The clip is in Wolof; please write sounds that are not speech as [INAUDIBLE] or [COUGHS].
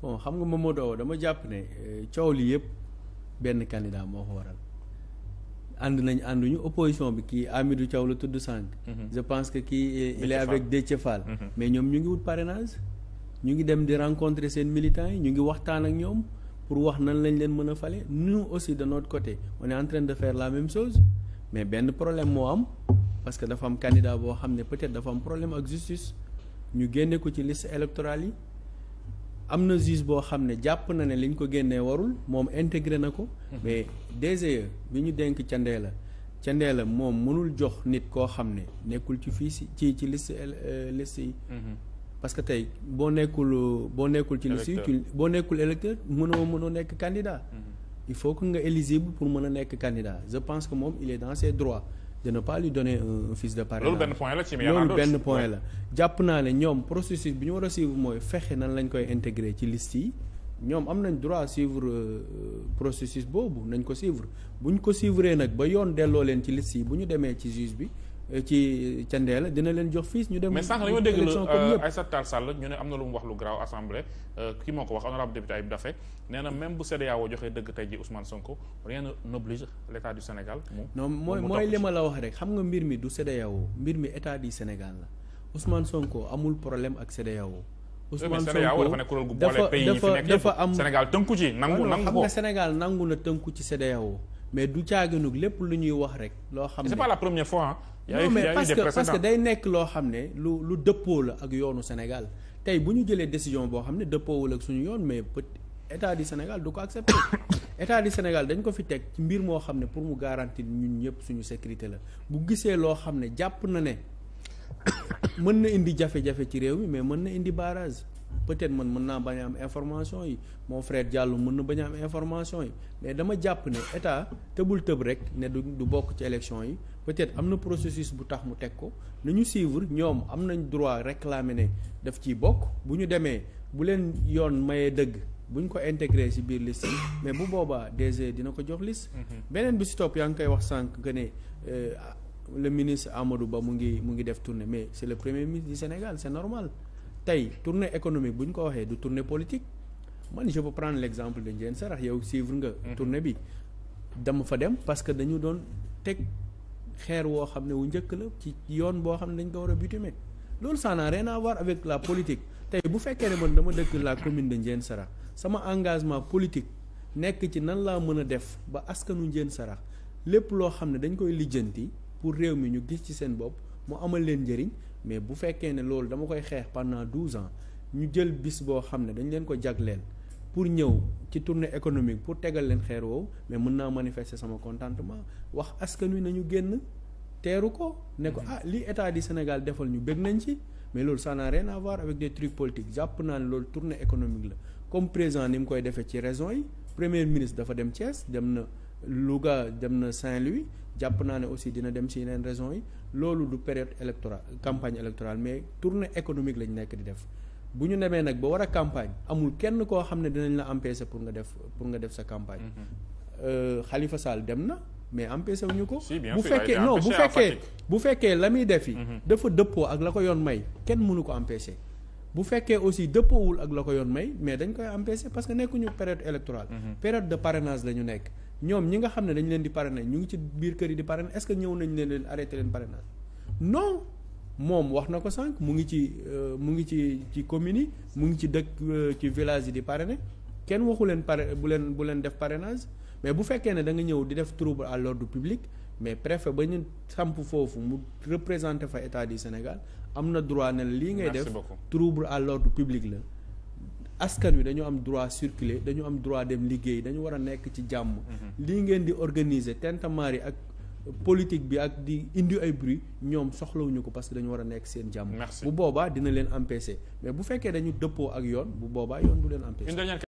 bon xam nga Mamadou dama jàpp ne euh, coow li yëpp benn candidat moo ko waral ànd nañ ànduñu opposition bi kii Amidou Thiaw la tudd sànq. Mhm. je pense que kii euh, il est avec Déthié Fall mhm. mais ñoom ñu ngi wut parrainage ñu ngi dem di rencontrer seen militants yi ñu ngi waxtaan ak ñoom pour wax nan lañ leen mën a fale nous aussi de notre côté on est en train de faire la même sos mais benn problème moo am parce que dafa am candidat boo xam ne peut-être dafa am problème ak justice ñu génne ko ci liste électorale yi am na juge boo xam ne jàpp na ne li liñ ko génnee warul moom intégré na ko. Mhm. mais DGE bi ñu denk ca candee la candee la moom mënul jox nit koo xam ne nekkul ci fii si ci ci liste euh, liste yi. Mhm. parce que tey boo nekkul boo nekkul ci liste yi boo nekkul électeur mënoo mënoo nekk candidat. Mhm. il faut que nga éligible pour mën a nekk candidat je pense que moom il est dans ses droits. de ne pas lui donner de parrainage. loolu benn point la la jàpp naa ne ñoom processus bi ñu war a suivre mooy fexe nan lañ koy intégrer ci liste yi ñoom am nañ droit suivre euh, processus boobu nañ ko suivre bu ñu ko suivre nag ba yoon delloo leen ci liste yi bu ñu demee ci juge bi. ci candeela dina leen jox fiis ñu dem mais sànq dañoo dégg la euh, Aïssata Tall Sall ñu ne am na lu mu wax lu garaaw assemblée euh, kii moo ko wax honorable rab Ayib Daffé nee na même bu CEDEAO joxee dëgg tey ji Ousmane Sonko rien n'oblige l'état du Sénégal non mooy mooy li ma la wax rek xam nga mbir mi du CEDEAO mbir mi état di Sénégal la Ousmane Sonko amul problème ak CEDEAO Ousmane Sonko dafa ne kuréel gu boole pays yi dafa am Sénégal tënku ci nangu nangu ko Sénégal nangu na tënku ci CEDEAO mais du caaganug lépp lu ñuy wax rek. loo xam ne c'est pas fois y a eu, que, day nekk loo xam ne lu lu dëppoo la ak yoonu Sénégal tey bu ñu jëlee décision boo xam ne dëppoowul ak suñu yoon mais peut état du Sénégal du ko accepter [COUGHS] état du Sénégal dañ ko fi teg ci mbir moo xam ne pour mu garanti ñun ñëpp suñu sécurité la bu gisee loo xam ne jàpp na ne [COUGHS] mën na indi jafe-jafe ci réew mi mais mën na indi barrage. peut-être man mën naa bañ am information yi moo frère jàll mën na bañ am information yi mais dama jàpp ne état tëbul tëb rek ne du du bokk ci élection yi peut-être am na processus bu tax mu teg ko na ñu suivre ñoom am nañ droit réclamer ne daf ciy bokk bu ñu demee bu leen yoon mayee dëgg bu ñu ko intégré ci biir liste mais bu boobaa DG dina ko jox liste. Mhm. beneen bi ci topp yaa ngi koy wax sànq que ne euh, le ministre Amadou Ba mu ngi mu ngi def tournée mais c'est le premier ministre du Sénégal c'est normal. tey tournée économique bu ñu ko waxee du tournée politique man je peux prendre l' exemple de Ndiène Sarax yow suivre nga. Mhm. tournée bi dama fa dem parce que dañu doon teg xeer woo xam ne wu njëkk la ci yoon boo xam ne dañ ko war a bitumer loolu ça n'a rien à avec la politique tey bu fekkee ne man dama dëkk la commune de Ndiène Sarax sama engagement politique nekk ci nan laa mën a def ba askanu Ndiène Sarax lépp loo xam ne dañ koy lijjanti pour réew mi ñu gis ci seen bopp. mu amal leen njëriñ mais bu fekkee ne loolu dama koy xeex pendant douze ans ñu jël bis boo xam ne dañu leen ko jagleel pour ñëw ci tournée économique pour tegal leen xeer woowu mais mën naa manifester sama contentement wax askan wi ñu génn teeru ko ne ko ah li état di Sénégal defal ñu bëgg nañ ci mais loolu ça n'a rien à voir avec des trucs politiques jàpp naa ne loolu tournée économique la comme président ni mu koy defee ci raison yi premier ministre dafa dem Thiès dem na Louga dem na Saint-Louis jàpp naa ne aussi dina dem ci yeneen raison yi loolu du période électorale campagne électorale mais tournée économique lañ nekk di def bu ñu demee nag ba war a campagne amul kenn koo xam ne dinañ la empêcher pour nga def pour nga def sa campagne. xalifa mhm. euh, Sall dem na mais empêché ñu ko. bu fekkee non bu fekkee bu fekkee la muy def yi mhm. dafa dëppoo ak la ko yoon may kenn mënu ko empêcher. bu fekkee aussi dëppoowul ak la ko yoon may mais dañ koy empêcher parce que nekkuñu période électorale mhm. période de parrainage la ñu nekk ñoom ñi nga xam ne dañ leen di parrainer ñu ngi ci biir kër yi di parrainer est-ce que ñëw nañ leen leen arrêté leen parrainage non moom wax na ko sànq mu ngi ci euh, mu ngi ci ci communes yi mu ngi ci dëkk euh, ci village yi di parrainer kenn waxu leen pare bu leen bu leen def parenage mais bu fekkee ne da nga ñëw di def trouble à l'ordre public mais préfet ba ñu samp foofu mu représenté fa état du Sénégal am na droit ne lii ngay def trouble à l'ordre public la askan wi dañu am droit circuler dañu am droit dem liggéey dañu war a nekk ci jàmm mhm. lii ngeen di organiser tentamari ak politique bi ak di indi ay bruit ñoom soxlawuñu ko parce que dañu war a nekk seen jàmm bu boobaa dina leen empêcher mais bu fekkee dañu dëppoo ak yoon bu boobaa yoon du leen empêcher